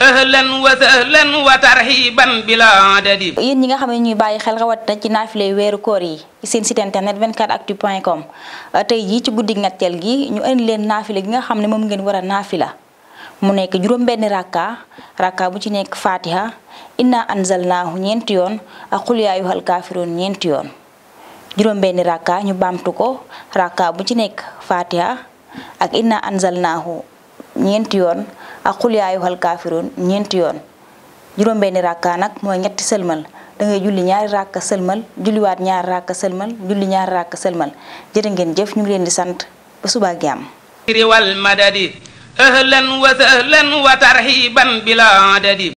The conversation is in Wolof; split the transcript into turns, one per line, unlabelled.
ahlan wa sahlan wa tarhiban bila adadi
yéen ñi nga xam ne ñuy bàyyi xel rawat na ci naafile weeru koor yi seen site internet 24actu point a tey jii ci guddi ñetteel gi ñu indi leen naafile gi nga xam ne moom ngeen war a naafila mu nekk juróom-benn rakka rakka bu ci nekk fatiha inna anzalnaahu ñeenti yoon ak xul yaa ñeenti yoon juróom-benn rakka ko rakka bu ci nekk fatiha ak inna ñeenti yoon ak xul yaa ayyuhal kaafiruun ñeenti yoon juróom-benni rakka nag mooy ñetti sëlmal da julli ñaari rakka sëlmal julliwaat ñaari rakka sëlmal julli ñaari rakka sëlmal jërë ngeen jëf ñu ngi leen di sant ba subaa gi am
riwal madadi ahlan wa
sahlan wa tarhiban bila